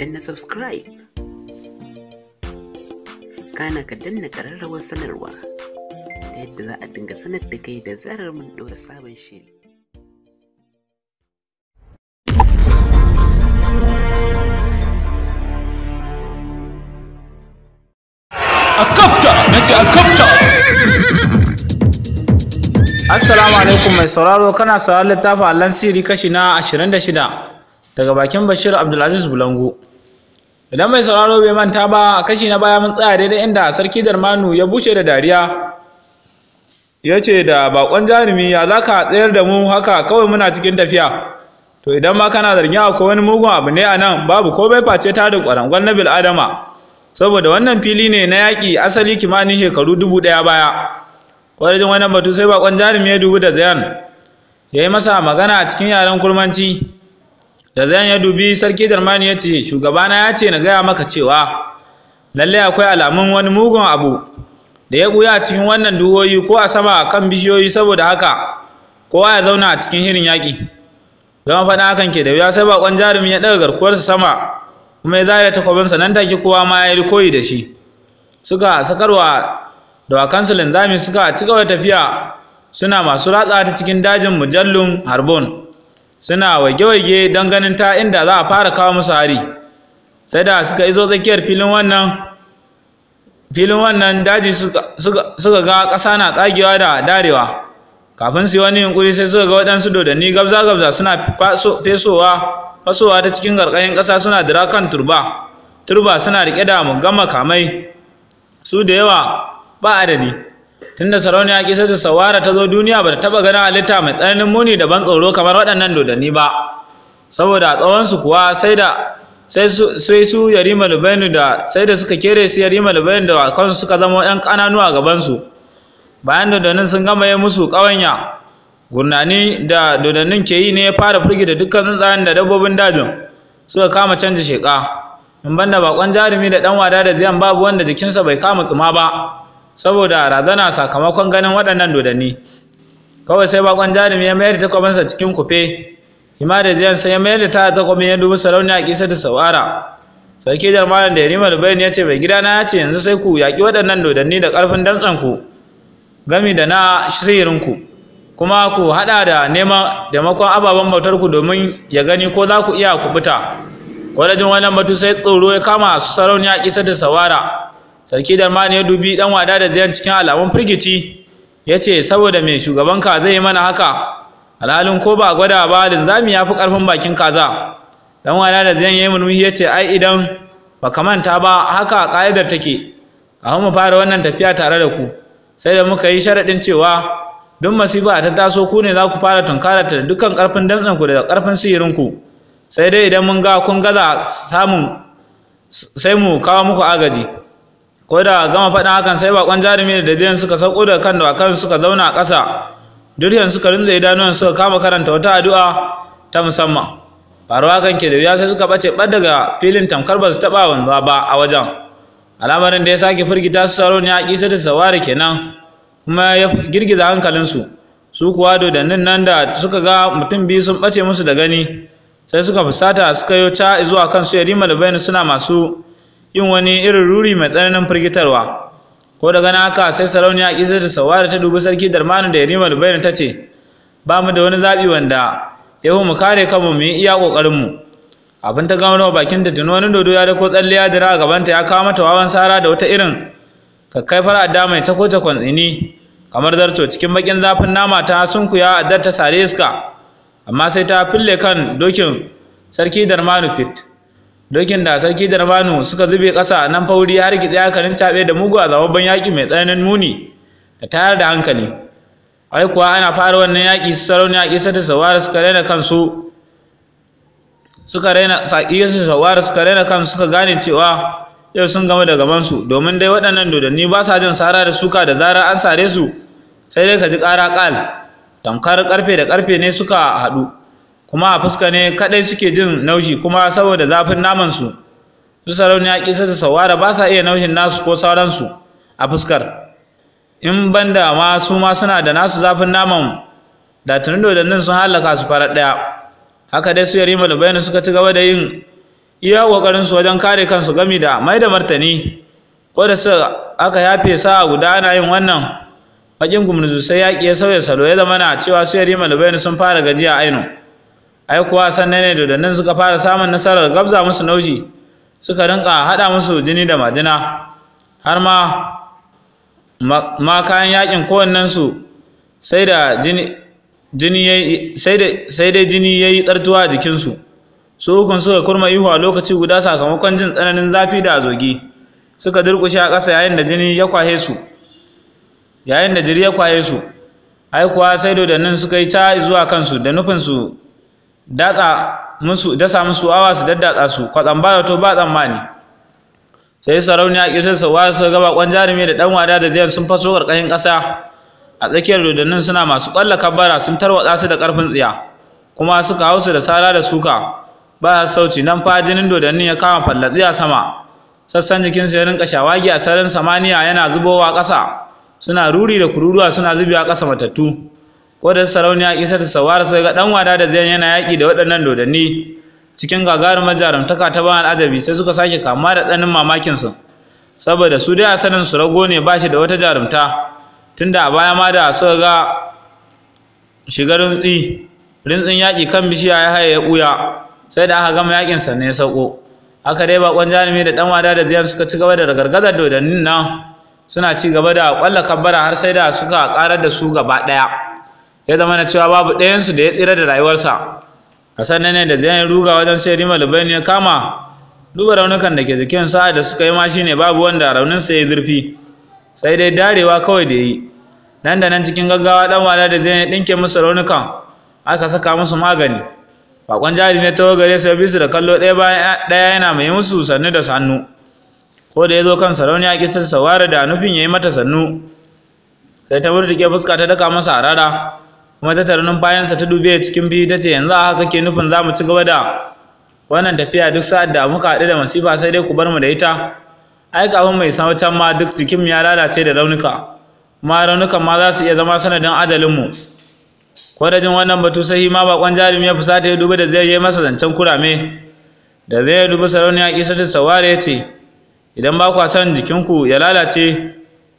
danna subscribe kana ka danna ƙararrawar sanarwa ta yadda za a dinga sanar da kai da zarar mun ɗora sabon shiri a assalamu alaikum mai sauraro kana sauraron littafin allon siri kashi na 26 daga bakin bashir abdulaziz bulangu idan mai sauraro bai manta ba a kashi na baya mun tsaya daidai inda sarki darmanu ya bushe da dariya ya ce da bakon jarumi ya za ka tsayar da mu haka kawai muna cikin tafiya to idan ma kana zargin akwai wani mugun abu ne a nan babu ko bai face tarin kwarangon na bil'adama saboda wannan fili ne na yaƙi asali kimanin shekaru dubu ɗaya baya wajen wannan batu sai bakon jarumi ya dubu da zayan ya yi masa magana a cikin yaren kurmanci da zan ya dubi sarki darmani ya ce shugabana ya ce na gaya maka cewa lalle akwai alamun wani mugun abu da ya ɓuya a cikin wannan duhoyi ko a sama kan bishiyoyi saboda haka kowa ya zauna a cikin hirin yaƙi Zama faɗa hakan ke da wuya sai baƙon jarumin ya ɗaga garkuwarsa sama kuma ya zaya takwabinsa nan take kowa ma ya yi koyi da shi suka sakarwa dawakansu linzami suka ci gaba tafiya suna masu ratsa ta cikin dajin mujallun harbon suna wage-wage don ganin ta inda za a fara kawo musu hari sai da suka izo tsakiyar filin wannan filin wannan daji suka ga ƙasa na tsagewa da darewa kafin su yi wani yunkuri sai suka ga waɗansu dodanni gabza-gabza suna fesowa fasowa ta cikin ƙarƙashin ƙasa suna dira kan turba turba suna riƙe da gama kamai su da yawa ba adadi tunda sarauniya kisarsa sawara ta zo duniya ba ta taba ganin halitta mai tsananin muni da ban tsoro kamar waɗannan dodanni ba saboda a tsawonsu kuwa sai da sai su yari malubainu da sai da suka kere su yarima lubainu da kansu suka zama 'yan ƙananu a gabansu bayan dodannin sun gama yi musu ƙawanya gurnani da dodannin ke yi ne ya fara da dukkan tsuntsayen da dabbobin dajin suka kama canza sheƙa in banda bakon jarumi da dan wada da ziyan babu wanda jikinsa bai kama tsuma ba saboda razana sakamakon ganin waɗannan dodanni kawai sai bakon jarumi ya mayar da takwabinsa cikin kufe hima da jiyan sai ya mayar da ta takwabin ya dubi sarauniya a kisa da sauara sarki da malam da yarima rubain ya ce mai gidana ya ce yanzu sai ku yaƙi waɗannan dodanni da ƙarfin damtsan ku gami da na sihirin ku kuma ku haɗa da neman taimakon ababen bautarku domin ya gani ko za ku iya ku fita kwalajin wannan batu sai tsoro ya kama su sarauniya a kisa da sawara sarki darmani ya dubi dan wada da zayan cikin alamun firgici ya ce saboda mai shugaban ka zai mana haka alhalin ko ba gwada ba linzami ya fi karfin bakin kaza dan wada da zayan ya yi murmushi ya ce ai idan ba ka manta ba haka ka'idar take kafin mu fara wannan tafiya tare da ku sai da muka yi sharaɗin cewa duk masifa ta taso ku ne za ku fara tunkara ta dukkan karfin damtsanku da karfin sihirinku sai dai idan mun ga kun gaza samun sai mu kawo muku agaji ko da gama faɗin hakan sai bakon jarumi da dadiyan suka sauko da kan da suka zauna a ƙasa yanzu suka rinza idanuwan suka kama karanta wata addu'a ta musamman faruwa kan ke da wuya sai suka ɓace ɓad daga filin tamkar ba su taɓa wanzuwa ba a wajen al'amarin da ya sake firgita su sauron ya ƙi ta saware kenan kuma ya girgiza hankalinsu su kuwa dodannin nan da suka ga mutum biyu sun ɓace musu da gani sai suka fusata suka yi ca zuwa kan su yarima da bayani suna masu yin wani irin ruri mai tsananin firgitarwa ko daga na haka sai sarauniya kisa da sawa da ta dubi sarki darmanu da yarima lubayin ta ce ba mu da wani zaɓi wanda ya mu kare kanmu mu yi iya ƙoƙarinmu abin ta gano bakin ta tuno wani dodo ya dako tsalle ya dira a gabanta ya kawo mata wawan sara da wata irin kakkaifar adda mai ta ta kwantsini kamar zarto cikin bakin zafin nama ta sunkuya dar ta sare iska amma sai ta fille kan dokin sarki darmanu fit dokin da sarki darmanu suka zube ƙasa nan fauri har gitsi hakarin caɓe da mugu a zababban yaƙi mai tsananin muni da tayar da hankali ai kuwa ana fara wannan yaƙi su sarauni yaƙi ta sawara suka raina kansu suka raina saƙi su sawara suka raina kansu suka gane cewa yau sun gama da gabansu domin dai waɗannan dodanni ba sa jin sara da suka da zara an sare su sai dai ka ji ƙara ƙal tamkar ƙarfe da ƙarfe ne suka haɗu kuma a fuska ne kadai suke jin naushi kuma saboda zafin naman su su ya kisa su saurara ba sa iya naushin nasu ko sauransu a fuskar in banda ma su ma suna da nasu zafin naman da da dodannin sun halaka su farar daya haka dai su yarima da bayani suka ci gaba da yin iya kokarin su wajen kare kansu gami da mai da martani ko da su aka yafe sa guda ana yin wannan bakin gumnuzu sai yaƙi ya sauya salo ya zama na cewa su yarima da bayani sun fara gajiya aino ai kuwa sanne ne dodannin suka fara samun nasarar gabza musu nauji suka rinka haɗa musu jini da majina har ma ma kayan yakin kowannensu sai da jini jini sai dai jini yayi tsartuwa a jikinsu su ukun suka kurma ihu a lokaci guda sakamakon jin tsananin zafi da zogi suka durkushe a ƙasa yayin da jini ya kwahe su yayin da jiri ya kwahe su ai kuwa sai dodannin suka yi ta zuwa kansu da nufin su datsa musu dasa musu awa su daddatsa su kwatsan ba to ba tsammani sai sarauniya kishin sa wa su gaba kwan jarumi da dan wada da zai sun faso karkashin kasa a tsakiyar dodannin suna masu kwalla kabbara sun tarwatsa su da karfin tsiya kuma suka hausa da sara da suka ba sauci nan fa jinin dodannin ya kama fallatsiya sama sassan jikinsu ya rinka shawagi a sararin samaniya yana zubowa kasa suna ruri da kururuwa suna zubewa kasa matattu ko da sarauniya isa ta sawara sai ga dan wada da zai yana yaki da waɗannan dodanni cikin gagarumar jarumtaka ta ba adabi sai suka sake kama da tsanin mamakin su saboda su dai a sanin su rago ne ba shi da wata jarumta tunda a baya ma da suka ga shiga rintsi rintsin yaki kan bishiya ya haye ya ɓuya sai da aka gama yakin sa ne ya sauko haka dai bakon jarumi da dan wada da ziyan suka ci gaba da gargazar dodannin nan suna ci gaba da kwalla kabbara har sai da suka karar da su gaba ɗaya. ya zama na cewa babu ɗayansu da ya tsira da rayuwarsa a sannan ne da zai ruga wajen sai rima lubaini ya kama duba raunukan da ke jikin sa da suka yi ma ne babu wanda raunin sa ya zurfi sai dai darewa kawai da yi nan da nan cikin gaggawa dan wala da zai dinke musu raunukan aka saka musu magani bakon jari ne ta gare su bisu da kallo ɗaya bayan ɗaya yana mai musu sannu da sannu ko da ya zo kan sarauni ya kisa sawara da nufin ya yi mata sannu sai ta murtuke fuska ta daka masa harara kuma ta tarunin bayansa ta dube cikin biyu ta ce yanzu a haka ke nufin za mu ci gaba da wannan tafiya duk sa'ad da muka haɗu da masifa sai dai ku bar mu da ita ai kafin mai samu can ma duk jikinmu ya lalace da raunuka kuma raunukan ma za su iya zama sanadin ajalinmu ko da jin wannan batu sai ma bakon jarumi ya fusata ya dubi da zai yi masa zancen kurame da zai ya dubi sarauniya kisatu saware ya ce idan ba kwa son jikinku ya lalace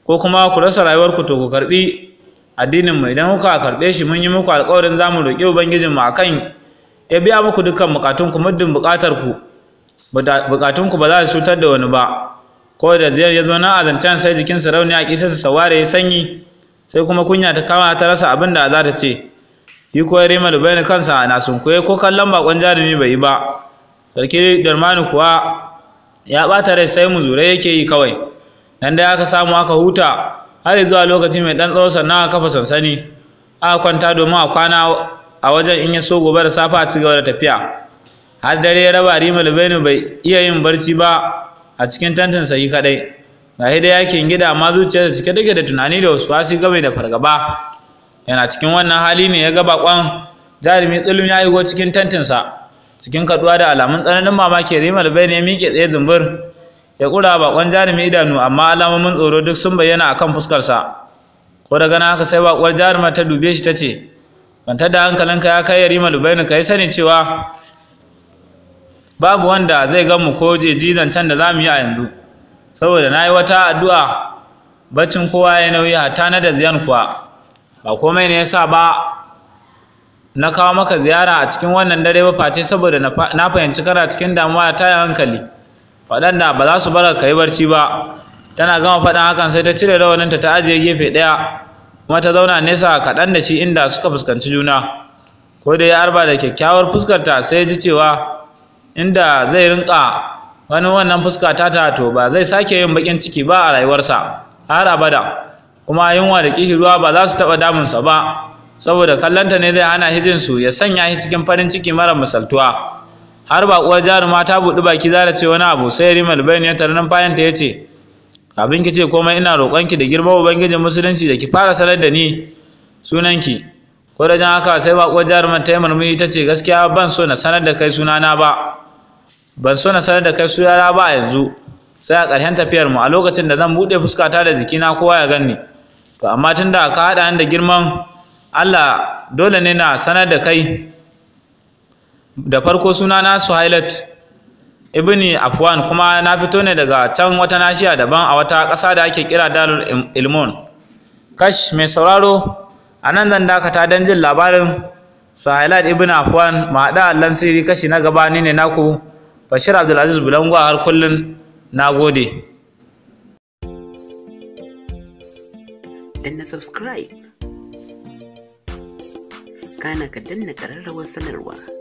ko kuma ku rasa rayuwarku to ku karɓi addinin mu idan kuka karɓe shi mun yi muku alƙawarin zamu mu roƙi ubangijin mu akan ya biya muku dukkan bukatun ku muddin bukatar ku bukatun ku ba za su cutar da wani ba ko da ziyar ya zo na azancan sai jikin sarauniya a kisa su saware ya sanyi sai kuma kunya ta kama ta rasa abin da za ta ce yi ko rima da bayan kansa na sunkuye ko kallon bakon jarumi bai yi ba sarki darmani kuwa ya ɓata rai sai mu zure yake yi kawai nan da aka samu aka huta har zuwa lokaci mai ɗan tsawo sannan a kafa sansani a kwanta domin a kwana a wajen in ya so gobe da safe a cigaba da tafiya har dare ya raba rima bainu bai iya yin barci ba a cikin tantin sayi kadai ga hida yakin gida amma zuciyarsa cike take da tunani da wasu wasi game da fargaba yana cikin wannan hali ne ya ga bakon jarumi tsulun ya yi cikin tantinsa cikin kaduwa da alamun tsananin mamaki rima bainu ya miƙe tsaye zumbur ya ƙura bakon jarumi idanu amma alamomin tsoro duk sun bayyana a kan fuskarsa ko da gana haka sai bakuwar jaruma ta dube shi ta ce Banta da hankalinka ya kai yarima malubainu ka yi sani cewa babu wanda zai gan mu ko jeji zancen da za mu yi a yanzu saboda na yi wata addu'a baccin kowa ya nauyi hatta na da ziyan kuwa ba komai ne ya sa ba na kawo maka ziyara a cikin wannan dare ba face saboda na fahimci kana cikin damuwa ta hankali waɗanda ba za su bar ka yi barci ba tana gama faɗin hakan sai ta cire rawaninta ta ajiye gefe ɗaya kuma ta zauna nesa kaɗan da shi inda suka fuskanci juna ko da ya arba da kyakkyawar fuskarta sai ji cewa inda zai rinka wani wannan fuska ta to ba zai sake yin baƙin ciki ba a rayuwarsa har abada kuma yunwa da ruwa ba za su taɓa damunsa ba saboda kallonta ne zai hana hijinsu ya sanya shi cikin farin ciki mara misaltuwa har ba uwar jaruma ta buɗi baki za ta ce wani abu sai rima bayan ya tarnan bayan ta ya ce abin ki ce komai ina roƙonki da girma ubangijin musulunci da ki fara sanar da ni sunanki ko da jan haka sai ba uwar jaruman ta yi murmushi ta ce gaskiya ban so na sanar da kai sunana ba ban so na sanar da kai sunana ba yanzu sai a ƙarshen tafiyar mu a lokacin da zan buɗe fuskata da jikina kowa ya gani to amma tunda ka haɗa ni da girman Allah dole ne na sanar da kai da farko suna na Suhailat ibni Afwan kuma na fito ne daga can wata nashiya daban a wata ƙasa da ake kira dalar Ilmon. Kash mai sauraro a nan zan dakata don jin labarin Suhailat ibn Afwan maɗa allan sirri kashi na gaba ni ne naku Bashir Abdulaziz Bulangwa har kullun na gode. Danna subscribe. Kana ka danna sanarwa.